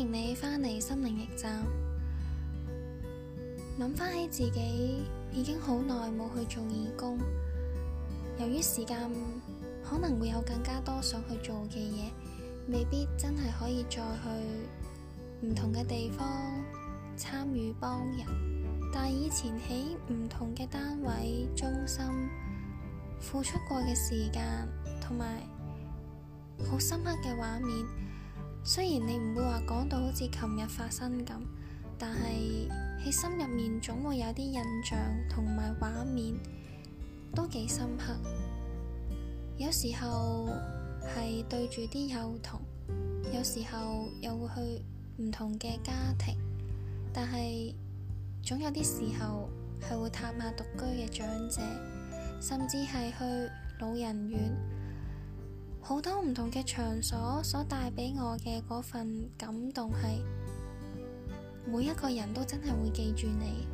歡迎你返嚟心靈驛站，諗翻起自己已經好耐冇去做義工，由於時間可能會有更加多想去做嘅嘢，未必真係可以再去唔同嘅地方參與幫人，但以前喺唔同嘅單位中心付出過嘅時間同埋好深刻嘅畫面。雖然你唔會話講到好似琴日發生咁，但係喺心入面總會有啲印象同埋畫面都幾深刻。有時候係對住啲幼童，有時候又會去唔同嘅家庭，但係總有啲時候係會探下獨居嘅長者，甚至係去老人院。好多唔同嘅場所所帶畀我嘅嗰份感動，係每一個人都真係會記住你，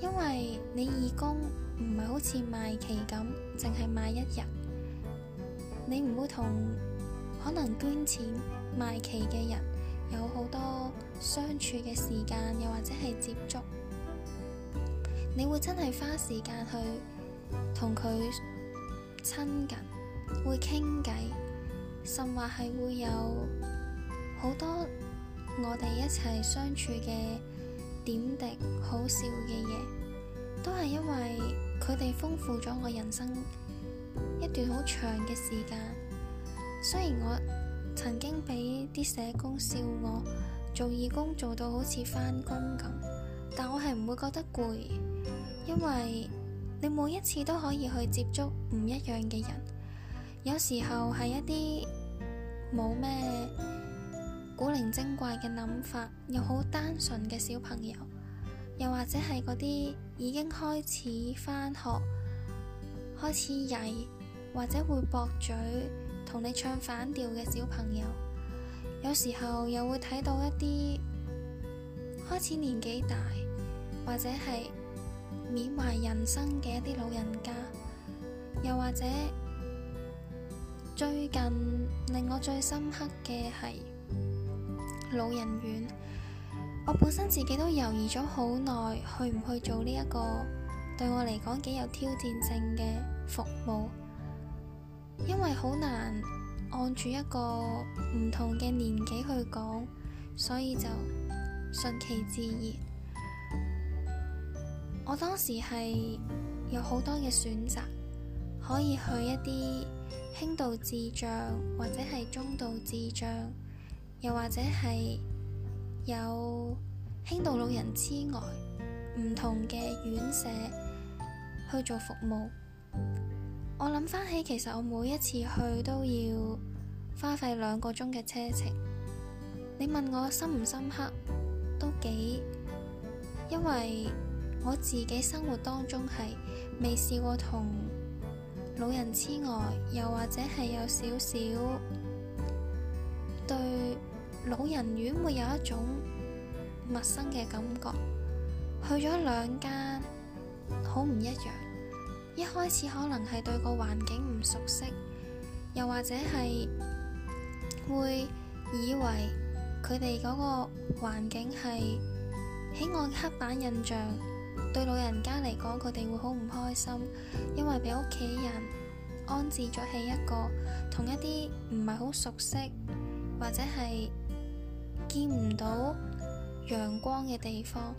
因為你義工唔係好似賣旗咁，淨係賣一日，你唔會同可能捐錢賣旗嘅人有好多相處嘅時間，又或者係接觸，你會真係花時間去同佢親近。會傾偈，甚或係會有好多我哋一齊相處嘅點滴，好笑嘅嘢，都係因為佢哋豐富咗我人生一段好長嘅時間。雖然我曾經俾啲社工笑我做義工做到好似返工咁，但我係唔會覺得攰，因為你每一次都可以去接觸唔一樣嘅人。有時候係一啲冇咩古靈精怪嘅諗法，又好單純嘅小朋友，又或者係嗰啲已經開始返學、開始曳，或者會駁嘴同你唱反調嘅小朋友。有時候又會睇到一啲開始年紀大，或者係緬懷人生嘅一啲老人家，又或者。最近令我最深刻嘅係老人院。我本身自己都猶豫咗好耐，去唔去做呢、這、一個對我嚟講幾有挑戰性嘅服務，因為好難按住一個唔同嘅年紀去講，所以就順其自然。我當時係有好多嘅選擇，可以去一啲。輕度智障，或者係中度智障，又或者係有輕度老人痴呆，唔同嘅院舍去做服務。我諗返起，其實我每一次去都要花費兩個鐘嘅車程。你問我深唔深刻？都幾，因為我自己生活當中係未試過同。老人之外，又或者係有少少對老人院會有一種陌生嘅感覺。去咗兩間，好唔一樣。一開始可能係對個環境唔熟悉，又或者係會以為佢哋嗰個環境係喺我嘅黑板印象。對老人家嚟講，佢哋會好唔開心，因為俾屋企人安置咗喺一個同一啲唔係好熟悉或者係見唔到陽光嘅地方。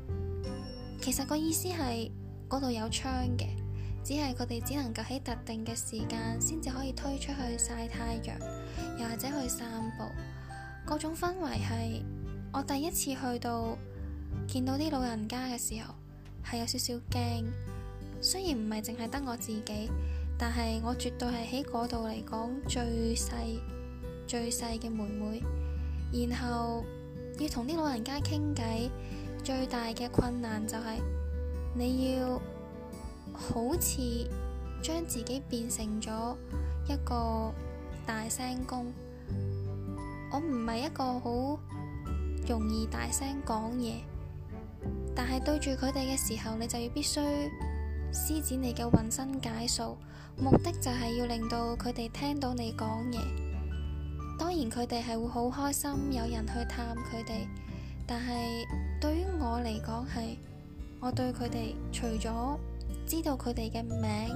其實個意思係嗰度有窗嘅，只係佢哋只能夠喺特定嘅時間先至可以推出去曬太陽，又或者去散步。嗰種氛圍係我第一次去到見到啲老人家嘅時候。係有少少驚，雖然唔係淨係得我自己，但係我絕對係喺嗰度嚟講最細最細嘅妹妹。然後要同啲老人家傾偈，最大嘅困難就係、是、你要好似將自己變成咗一個大聲公。我唔係一個好容易大聲講嘢。但係對住佢哋嘅時候，你就要必須施展你嘅渾身解數，目的就係要令到佢哋聽到你講嘢。當然佢哋係會好開心，有人去探佢哋。但係對於我嚟講係，我對佢哋除咗知道佢哋嘅名，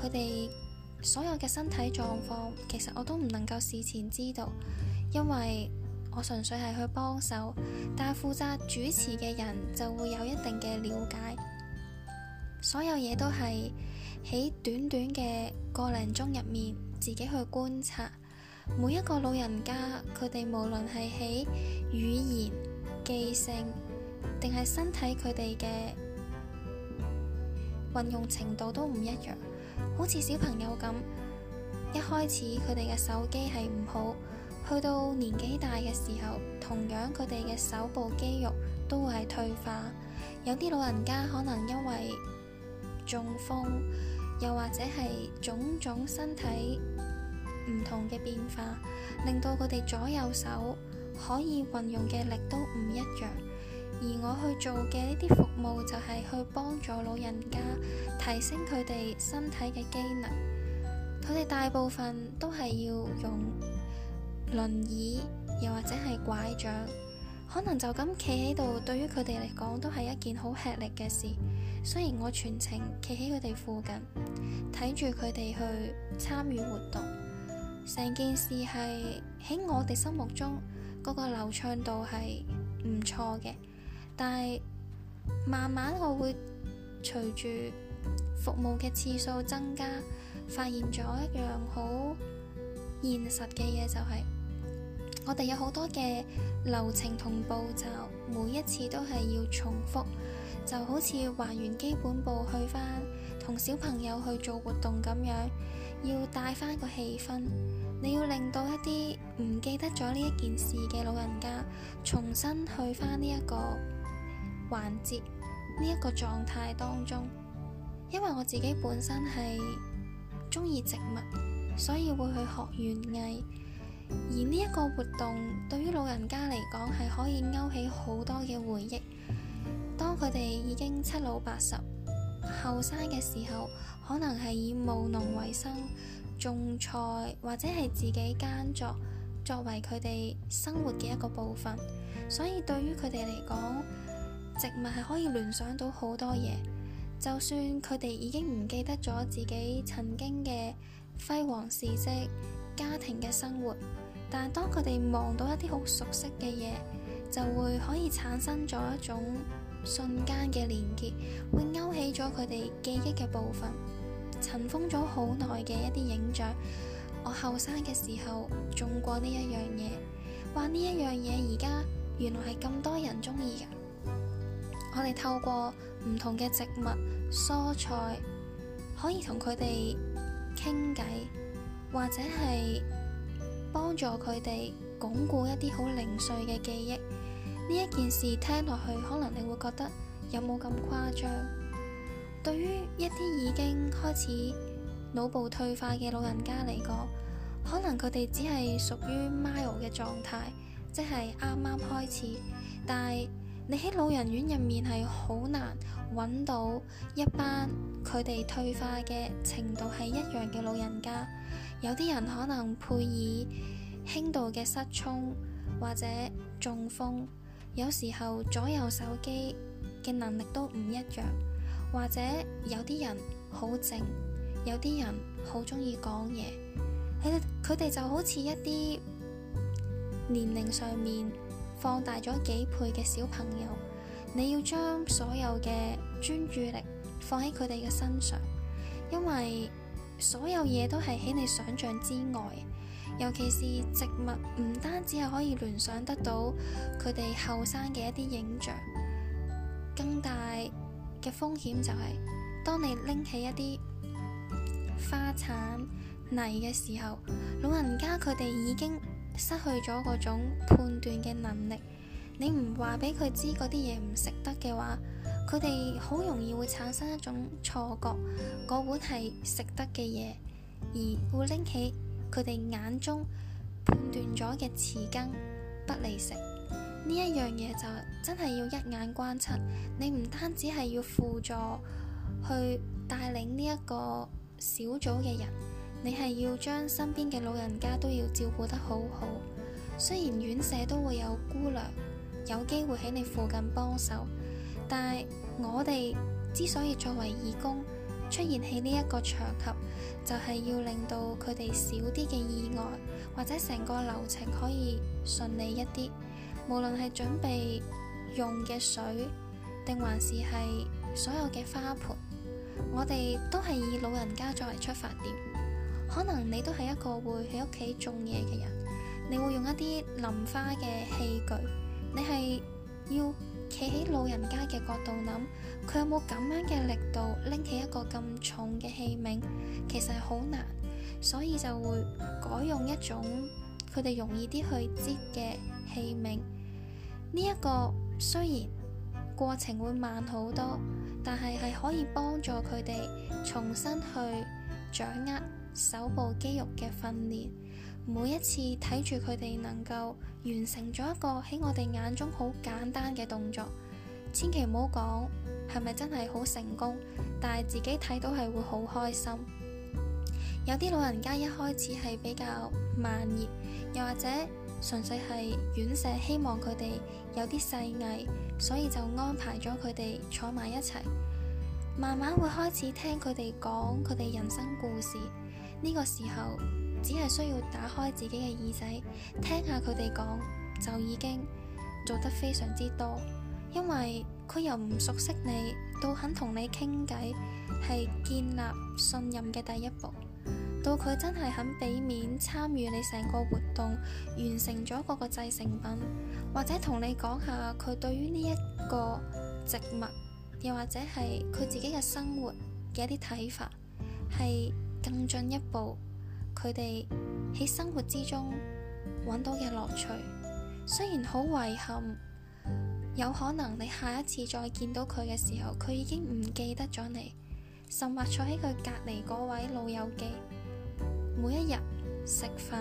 佢哋所有嘅身體狀況，其實我都唔能夠事前知道，因為。我純粹係去幫手，但係負責主持嘅人就會有一定嘅了解。所有嘢都係喺短短嘅個零鐘入面，自己去觀察。每一個老人家，佢哋無論係喺語言、記性，定係身體，佢哋嘅運用程度都唔一樣。好似小朋友咁，一開始佢哋嘅手機係唔好。去到年紀大嘅時候，同樣佢哋嘅手部肌肉都會係退化。有啲老人家可能因為中風，又或者係種種身體唔同嘅變化，令到佢哋左右手可以運用嘅力都唔一樣。而我去做嘅呢啲服務，就係去幫助老人家提升佢哋身體嘅機能。佢哋大部分都係要用。輪椅又或者係拐杖，可能就咁企喺度，對於佢哋嚟講都係一件好吃力嘅事。雖然我全程企喺佢哋附近睇住佢哋去參與活動，成件事係喺我哋心目中嗰個流暢度係唔錯嘅。但係慢慢我會隨住服務嘅次數增加，發現咗一樣好現實嘅嘢，就係。我哋有好多嘅流程同步驟，每一次都係要重複，就好似還原基本步去返，同小朋友去做活動咁樣，要帶翻個氣氛，你要令到一啲唔記得咗呢一件事嘅老人家，重新去返呢一個環節，呢一個狀態當中。因為我自己本身係中意植物，所以會去學園藝。而呢一個活動對於老人家嚟講，係可以勾起好多嘅回憶。當佢哋已經七老八十後生嘅時候，可能係以務農為生，種菜或者係自己耕作作為佢哋生活嘅一個部分。所以對於佢哋嚟講，植物係可以聯想到好多嘢。就算佢哋已經唔記得咗自己曾經嘅輝煌事跡、家庭嘅生活。但係當佢哋望到一啲好熟悉嘅嘢，就會可以產生咗一種瞬間嘅連結，會勾起咗佢哋記憶嘅部分，塵封咗好耐嘅一啲影像。我後生嘅時候種過呢一樣嘢，話呢一樣嘢而家原來係咁多人中意嘅。我哋透過唔同嘅植物、蔬菜，可以同佢哋傾偈，或者係。幫助佢哋鞏固一啲好零碎嘅記憶，呢一件事聽落去，可能你會覺得有冇咁誇張？對於一啲已經開始腦部退化嘅老人家嚟講，可能佢哋只係屬於 mild 嘅狀態，即係啱啱開始。但係你喺老人院入面係好難揾到一班佢哋退化嘅程度係一樣嘅老人家。有啲人可能配以輕度嘅失聰或者中風，有時候左右手機嘅能力都唔一樣，或者有啲人好靜，有啲人好鍾意講嘢，佢佢哋就好似一啲年齡上面放大咗幾倍嘅小朋友，你要將所有嘅專注力放喺佢哋嘅身上，因為所有嘢都係喺你想象之外，尤其是植物，唔單止係可以聯想得到佢哋後生嘅一啲影像，更大嘅風險就係、是、當你拎起一啲花橙泥嘅時候，老人家佢哋已經失去咗嗰種判斷嘅能力，你唔話俾佢知嗰啲嘢唔食得嘅話。佢哋好容易會產生一種錯覺，嗰碗係食得嘅嘢，而會拎起佢哋眼中判斷咗嘅匙羹，不嚟食。呢一樣嘢就真係要一眼觀察。你唔單止係要輔助去帶領呢一個小組嘅人，你係要將身邊嘅老人家都要照顧得好好。雖然院舍都會有姑娘，有機會喺你附近幫手。但係我哋之所以作為義工出現喺呢一個場合，就係要令到佢哋少啲嘅意外，或者成個流程可以順利一啲。無論係準備用嘅水，定還是係所有嘅花盆，我哋都係以老人家作為出發點。可能你都係一個會喺屋企種嘢嘅人，你會用一啲淋花嘅器具，你係要。企喺老人家嘅角度諗，佢有冇咁樣嘅力度拎起一個咁重嘅器皿，其實係好難，所以就會改用一種佢哋容易啲去接嘅器皿。呢、這、一個雖然過程會慢好多，但係係可以幫助佢哋重新去掌握手部肌肉嘅訓練。每一次睇住佢哋能夠完成咗一個喺我哋眼中好簡單嘅動作，千祈唔好講係咪真係好成功，但係自己睇到係會好開心。有啲老人家一開始係比較慢熱，又或者純粹係院舍希望佢哋有啲細藝，所以就安排咗佢哋坐埋一齊，慢慢會開始聽佢哋講佢哋人生故事。呢個時候，只係需要打開自己嘅耳仔，聽下佢哋講，就已經做得非常之多。因為佢由唔熟悉你到肯同你傾偈，係建立信任嘅第一步。到佢真係肯畀面參與你成個活動，完成咗嗰個製成品，或者同你講下佢對於呢一個植物，又或者係佢自己嘅生活嘅一啲睇法，係更進一步。佢哋喺生活之中揾到嘅樂趣，雖然好遺憾，有可能你下一次再見到佢嘅時候，佢已經唔記得咗你，甚或坐喺佢隔籬嗰位老友記，每一日食飯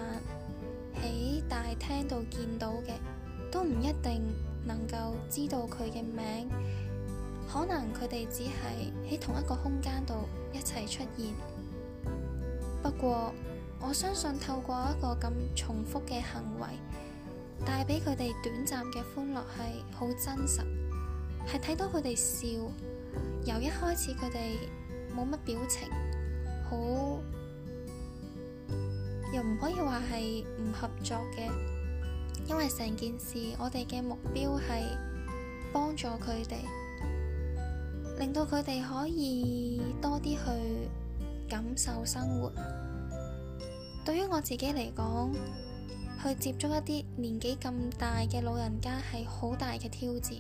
喺大廳度見到嘅，都唔一定能夠知道佢嘅名，可能佢哋只係喺同一個空間度一齊出現，不過。我相信透過一個咁重複嘅行為，帶俾佢哋短暫嘅歡樂係好真實，係睇到佢哋笑，由一開始佢哋冇乜表情，好，又唔可以話係唔合作嘅，因為成件事我哋嘅目標係幫助佢哋，令到佢哋可以多啲去感受生活。對於我自己嚟講，去接觸一啲年紀咁大嘅老人家係好大嘅挑戰。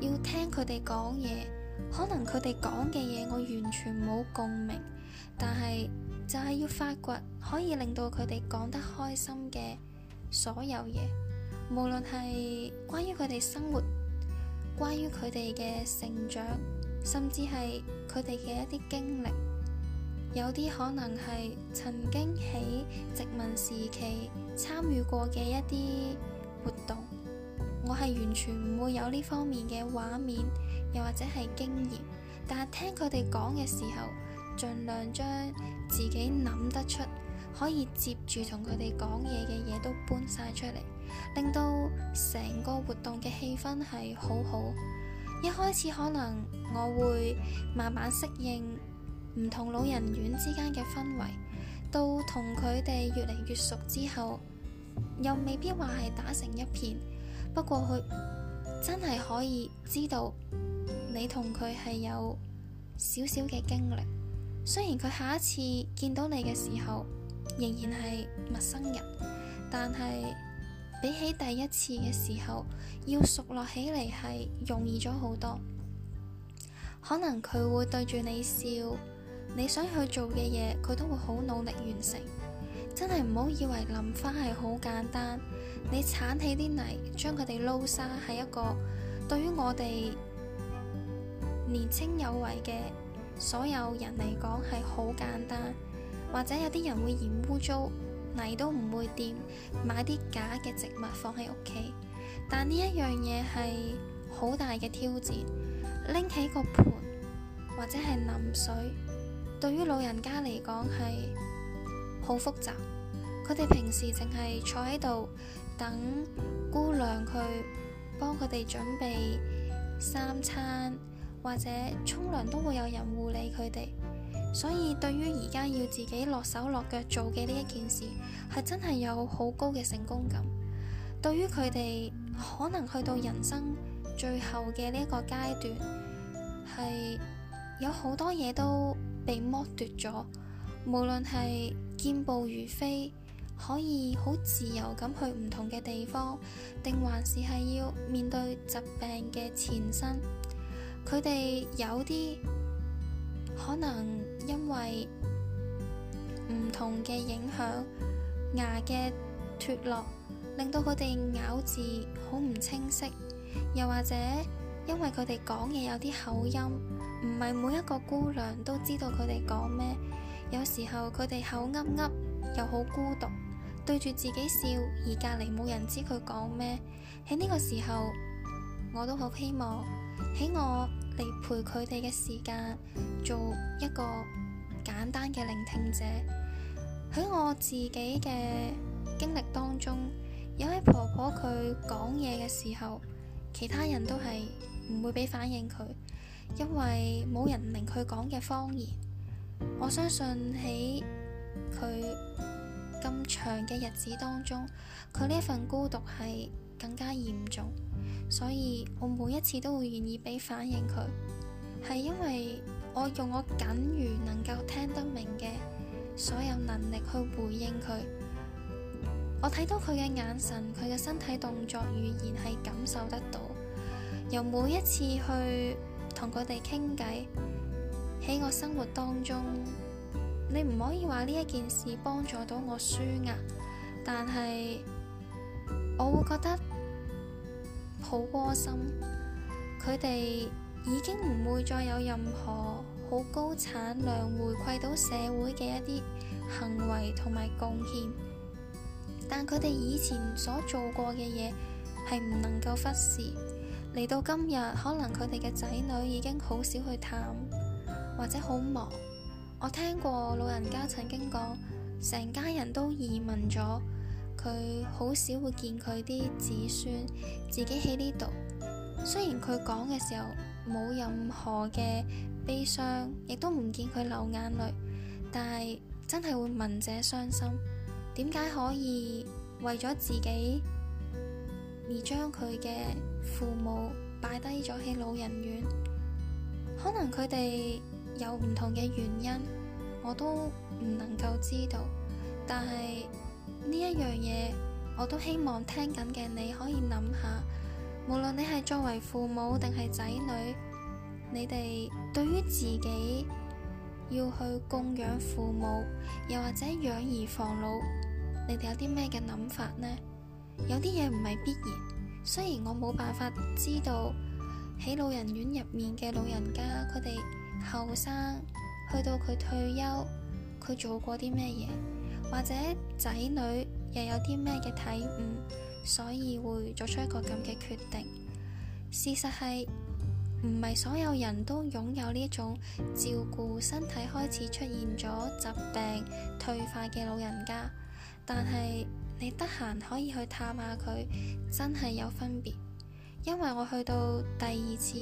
要聽佢哋講嘢，可能佢哋講嘅嘢我完全冇共鳴，但係就係要發掘可以令到佢哋講得開心嘅所有嘢，無論係關於佢哋生活、關於佢哋嘅成長，甚至係佢哋嘅一啲經歷。有啲可能係曾經喺殖民時期參與過嘅一啲活動，我係完全唔會有呢方面嘅畫面，又或者係經驗。但係聽佢哋講嘅時候，盡量將自己諗得出可以接住同佢哋講嘢嘅嘢都搬晒出嚟，令到成個活動嘅氣氛係好好。一開始可能我會慢慢適應。唔同老人院之間嘅氛圍，到同佢哋越嚟越熟之後，又未必話係打成一片。不過佢真係可以知道你同佢係有少少嘅經歷。雖然佢下一次見到你嘅時候仍然係陌生人，但係比起第一次嘅時候，要熟絡起嚟係容易咗好多。可能佢會對住你笑。你想去做嘅嘢，佢都會好努力完成。真係唔好以為淋花係好簡單。你鏟起啲泥，將佢哋撈沙，係一個對於我哋年青有為嘅所有人嚟講係好簡單。或者有啲人會嫌污糟，泥都唔會掂，買啲假嘅植物放喺屋企。但呢一樣嘢係好大嘅挑戰。拎起個盆，或者係淋水。對於老人家嚟講係好複雜，佢哋平時淨係坐喺度等姑娘，佢幫佢哋準備三餐，或者沖涼都會有人護理佢哋，所以對於而家要自己落手落腳做嘅呢一件事，係真係有好高嘅成功感。對於佢哋，可能去到人生最後嘅呢一個階段係。有好多嘢都被剝奪咗，無論係健步如飛，可以好自由咁去唔同嘅地方，定還是係要面對疾病嘅前身。佢哋有啲可能因為唔同嘅影響，牙嘅脫落，令到佢哋咬字好唔清晰，又或者因為佢哋講嘢有啲口音。唔係每一個姑娘都知道佢哋講咩，有時候佢哋口噏噏，又好孤獨，對住自己笑，而隔籬冇人知佢講咩。喺呢個時候，我都好希望喺我嚟陪佢哋嘅時間，做一個簡單嘅聆聽者。喺我自己嘅經歷當中，有位婆婆佢講嘢嘅時候，其他人都係唔會俾反應佢。因為冇人明佢講嘅方言，我相信喺佢咁長嘅日子當中，佢呢份孤獨係更加嚴重。所以，我每一次都會願意俾反應佢，係因為我用我僅餘能夠聽得明嘅所有能力去回應佢。我睇到佢嘅眼神、佢嘅身體動作、語言係感受得到，由每一次去。同佢哋傾偈，喺我生活當中，你唔可以話呢一件事幫助到我舒壓，啊，但係我會覺得好窩心。佢哋已經唔會再有任何好高產量回饋到社會嘅一啲行為同埋貢獻，但佢哋以前所做過嘅嘢係唔能夠忽視。嚟到今日，可能佢哋嘅仔女已經好少去探，或者好忙。我聽過老人家曾經講，成家人都移民咗，佢好少會見佢啲子孫，自己喺呢度。雖然佢講嘅時候冇任何嘅悲傷，亦都唔見佢流眼淚，但係真係會聞者傷心。點解可以為咗自己？而將佢嘅父母擺低咗喺老人院，可能佢哋有唔同嘅原因，我都唔能夠知道。但係呢一樣嘢，我都希望聽緊嘅你可以諗下，無論你係作為父母定係仔女，你哋對於自己要去供養父母，又或者養兒防老，你哋有啲咩嘅諗法呢？有啲嘢唔係必然，雖然我冇辦法知道喺老人院入面嘅老人家，佢哋後生去到佢退休，佢做過啲咩嘢，或者仔女又有啲咩嘅體悟，所以會作出一個咁嘅決定。事實係，唔係所有人都擁有呢種照顧身體開始出現咗疾病退化嘅老人家，但係，你得閒可以去探下佢，真係有分別。因為我去到第二次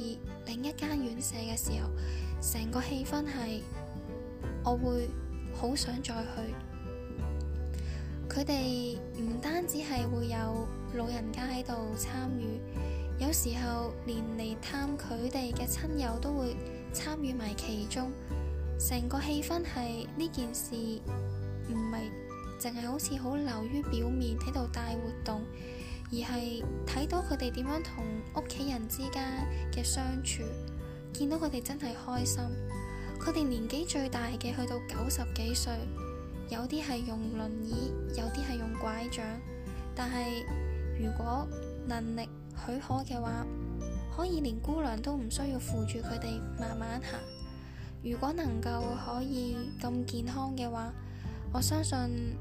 另一間院舍嘅時候，成個氣氛係我會好想再去。佢哋唔單止係會有老人家喺度參與，有時候連嚟探佢哋嘅親友都會參與埋其中，成個氣氛係呢件事。淨係好似好流於表面喺度帶活動，而係睇到佢哋點樣同屋企人之間嘅相處，見到佢哋真係開心。佢哋年紀最大嘅去到九十幾歲，有啲係用輪椅，有啲係用拐杖。但係如果能力許可嘅話，可以連姑娘都唔需要扶住佢哋慢慢行。如果能夠可以咁健康嘅話，我相信。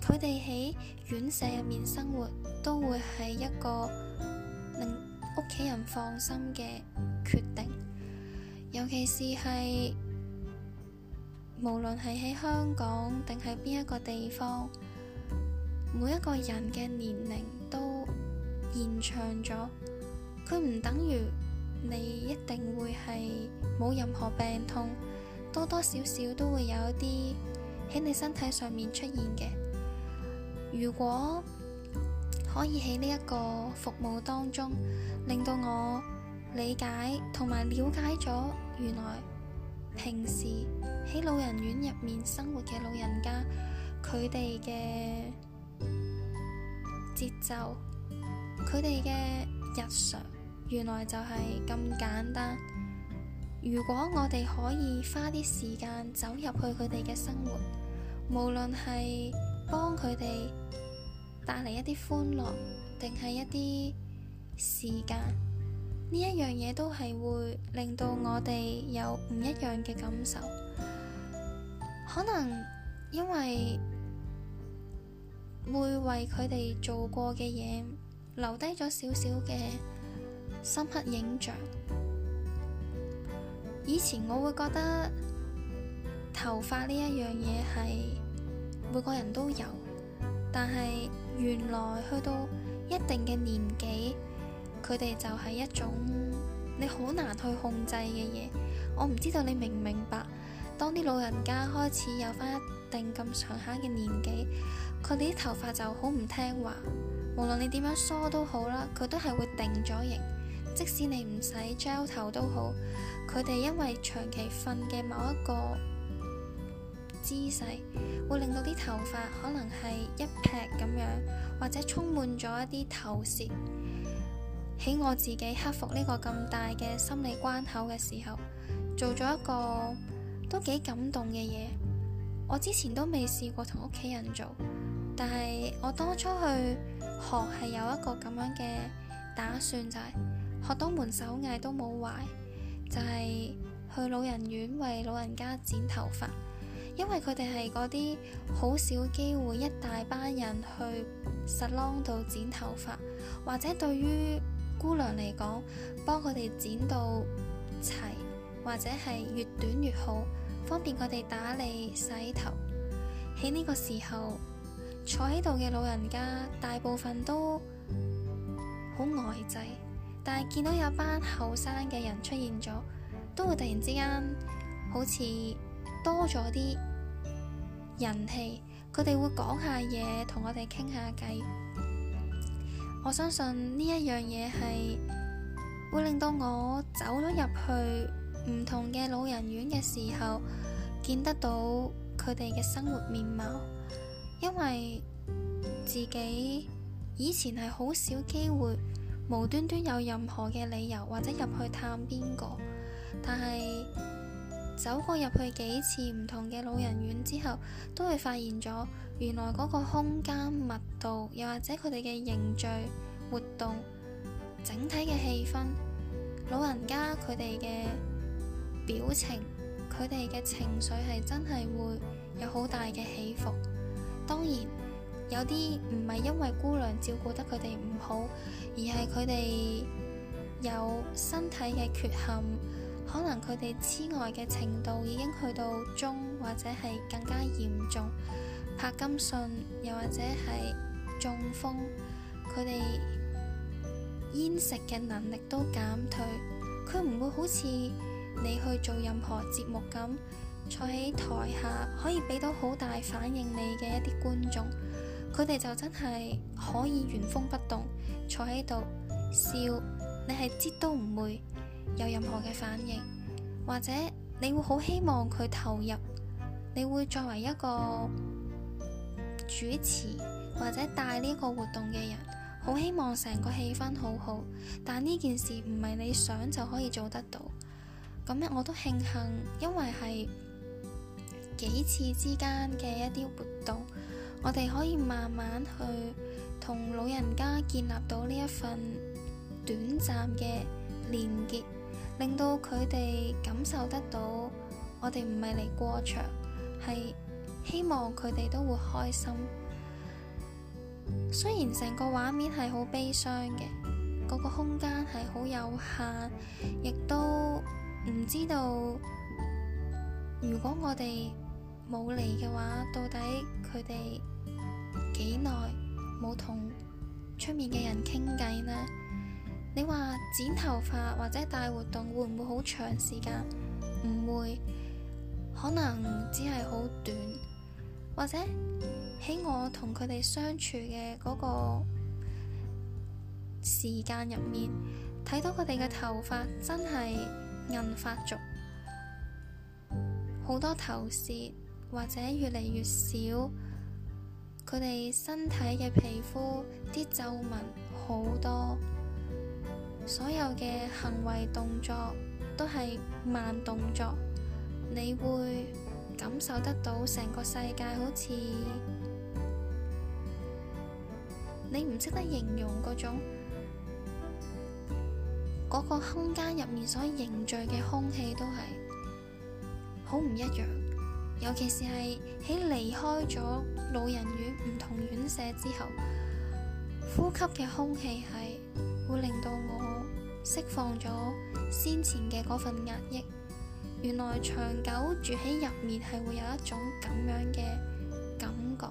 佢哋喺院舍入面生活，都會係一個令屋企人放心嘅決定。尤其是係無論係喺香港定係邊一個地方，每一個人嘅年齡都延長咗。佢唔等於你一定會係冇任何病痛，多多少少都會有一啲喺你身體上面出現嘅。如果可以喺呢一個服務當中，令到我理解同埋了解咗原來平時喺老人院入面生活嘅老人家，佢哋嘅節奏，佢哋嘅日常，原來就係咁簡單。如果我哋可以花啲時間走入去佢哋嘅生活，無論係...幫佢哋帶嚟一啲歡樂，定係一啲時間。呢一樣嘢都係會令到我哋有唔一樣嘅感受。可能因為會為佢哋做過嘅嘢留低咗少少嘅深刻影像。以前我會覺得頭髮呢一樣嘢係。每個人都有，但係原來去到一定嘅年紀，佢哋就係一種你好難去控制嘅嘢。我唔知道你明唔明白？當啲老人家開始有返一定咁上下嘅年紀，佢哋啲頭髮就好唔聽話，無論你點樣梳都好啦，佢都係會定咗型。即使你唔使 gel 頭都好，佢哋因為長期瞓嘅某一個姿勢會令到啲頭髮可能係一劈咁樣，或者充滿咗一啲頭屑。喺我自己克服呢個咁大嘅心理關口嘅時候，做咗一個都幾感動嘅嘢。我之前都未試過同屋企人做，但係我當初去學係有一個咁樣嘅打算，就係學多門手藝都冇壞，就係去老人院為老人家剪頭髮。因為佢哋係嗰啲好少機會，一大班人去沙龍度剪頭髮，或者對於姑娘嚟講，幫佢哋剪到齊，或者係越短越好，方便佢哋打理洗頭。喺呢個時候坐喺度嘅老人家，大部分都好呆滯，但係見到有班後生嘅人出現咗，都會突然之間好似多咗啲人氣，佢哋會講下嘢，同我哋傾下偈。我相信呢一樣嘢係會令到我走咗入去唔同嘅老人院嘅時候，見得到佢哋嘅生活面貌。因為自己以前係好少機會無端端有任何嘅理由或者入去探邊個，但係。走過入去幾次唔同嘅老人院之後，都會發現咗原來嗰個空間密度，又或者佢哋嘅凝聚活動、整體嘅氣氛，老人家佢哋嘅表情、佢哋嘅情緒係真係會有好大嘅起伏。當然，有啲唔係因為姑娘照顧得佢哋唔好，而係佢哋有身體嘅缺陷。可能佢哋痴呆、呃、嘅程度已經去到中，或者係更加嚴重。帕金遜又或者係中風，佢哋煙食嘅能力都減退。佢唔會好似你去做任何節目咁，坐喺台下可以俾到好大反應你嘅一啲觀眾，佢哋就真係可以原封不動坐喺度笑，你係知都唔會。有任何嘅反應，或者你會好希望佢投入，你會作為一個主持或者帶呢個活動嘅人，好希望成個氣氛好好。但呢件事唔係你想就可以做得到。咁樣，我都慶幸，因為係幾次之間嘅一啲活動，我哋可以慢慢去同老人家建立到呢一份短暫嘅連結。令到佢哋感受得到，我哋唔係嚟過場，係希望佢哋都會開心。雖然成個畫面係好悲傷嘅，嗰個空間係好有限，亦都唔知道如果我哋冇嚟嘅話，到底佢哋幾耐冇同出面嘅人傾偈呢？你話剪頭髮或者大活動會唔會好長時間？唔會，可能只係好短，或者喺我同佢哋相處嘅嗰個時間入面，睇到佢哋嘅頭髮真係銀髮族，好多頭屑，或者越嚟越少，佢哋身體嘅皮膚啲皺紋好多。所有嘅行為動作都係慢動作，你會感受得到成個世界好似你唔識得形容嗰種嗰個空間入面所凝聚嘅空氣都係好唔一樣，尤其是係喺離開咗老人院唔同院舍之後，呼吸嘅空氣係會令到我。釋放咗先前嘅嗰份壓抑，原來長久住喺入面係會有一種咁樣嘅感覺。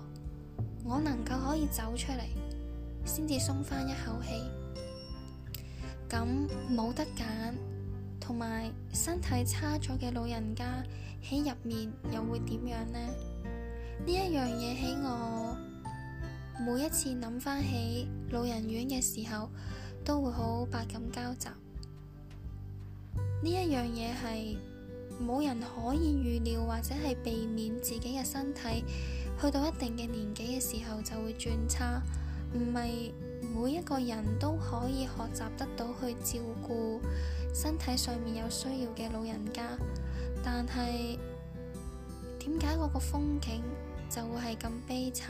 我能夠可以走出嚟，先至鬆翻一口氣。咁冇得揀，同埋身體差咗嘅老人家喺入面又會點樣呢？呢一樣嘢喺我每一次諗翻起老人院嘅時候。都會好百感交集。呢一樣嘢係冇人可以預料或者係避免自己嘅身體去到一定嘅年紀嘅時候就會轉差，唔係每一個人都可以學習得到去照顧身體上面有需要嘅老人家。但係點解嗰個風景就會係咁悲慘？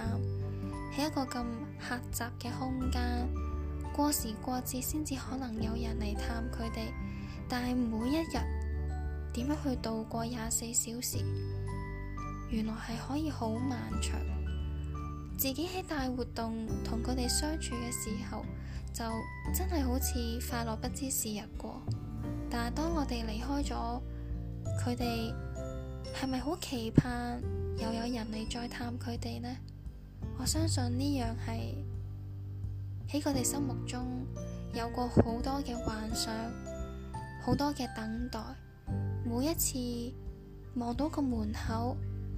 喺一個咁狹窄嘅空間。過時過節先至可能有人嚟探佢哋，但係每一日點樣去度過廿四小時？原來係可以好漫長。自己喺大活動同佢哋相處嘅時候，就真係好似快樂不知時日過。但係當我哋離開咗佢哋，係咪好期盼又有人嚟再探佢哋呢？我相信呢樣係。喺佢哋心目中，有過好多嘅幻想，好多嘅等待。每一次望到個門口，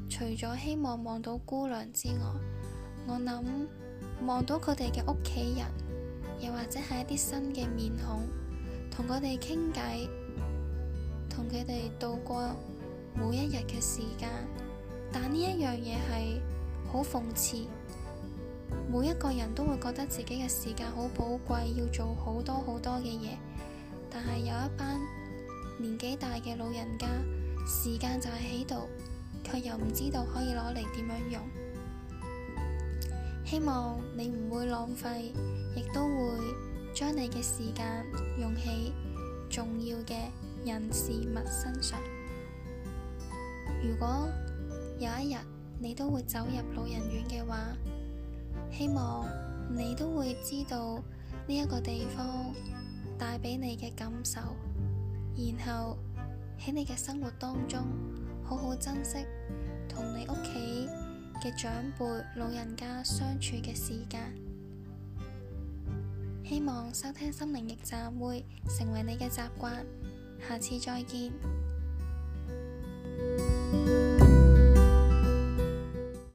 除咗希望望到姑娘之外，我諗望到佢哋嘅屋企人，又或者係一啲新嘅面孔，同佢哋傾偈，同佢哋度過每一日嘅時間。但呢一樣嘢係好諷刺。每一個人都會覺得自己嘅時間好寶貴，要做好多好多嘅嘢。但係有一班年紀大嘅老人家，時間就係喺度，卻又唔知道可以攞嚟點樣用。希望你唔會浪費，亦都會將你嘅時間用喺重要嘅人事物身上。如果有一日你都會走入老人院嘅話，希望你都會知道呢一個地方帶俾你嘅感受，然後喺你嘅生活當中好好珍惜同你屋企嘅長輩老人家相處嘅時間。希望收聽心靈驛站會成為你嘅習慣，下次再見。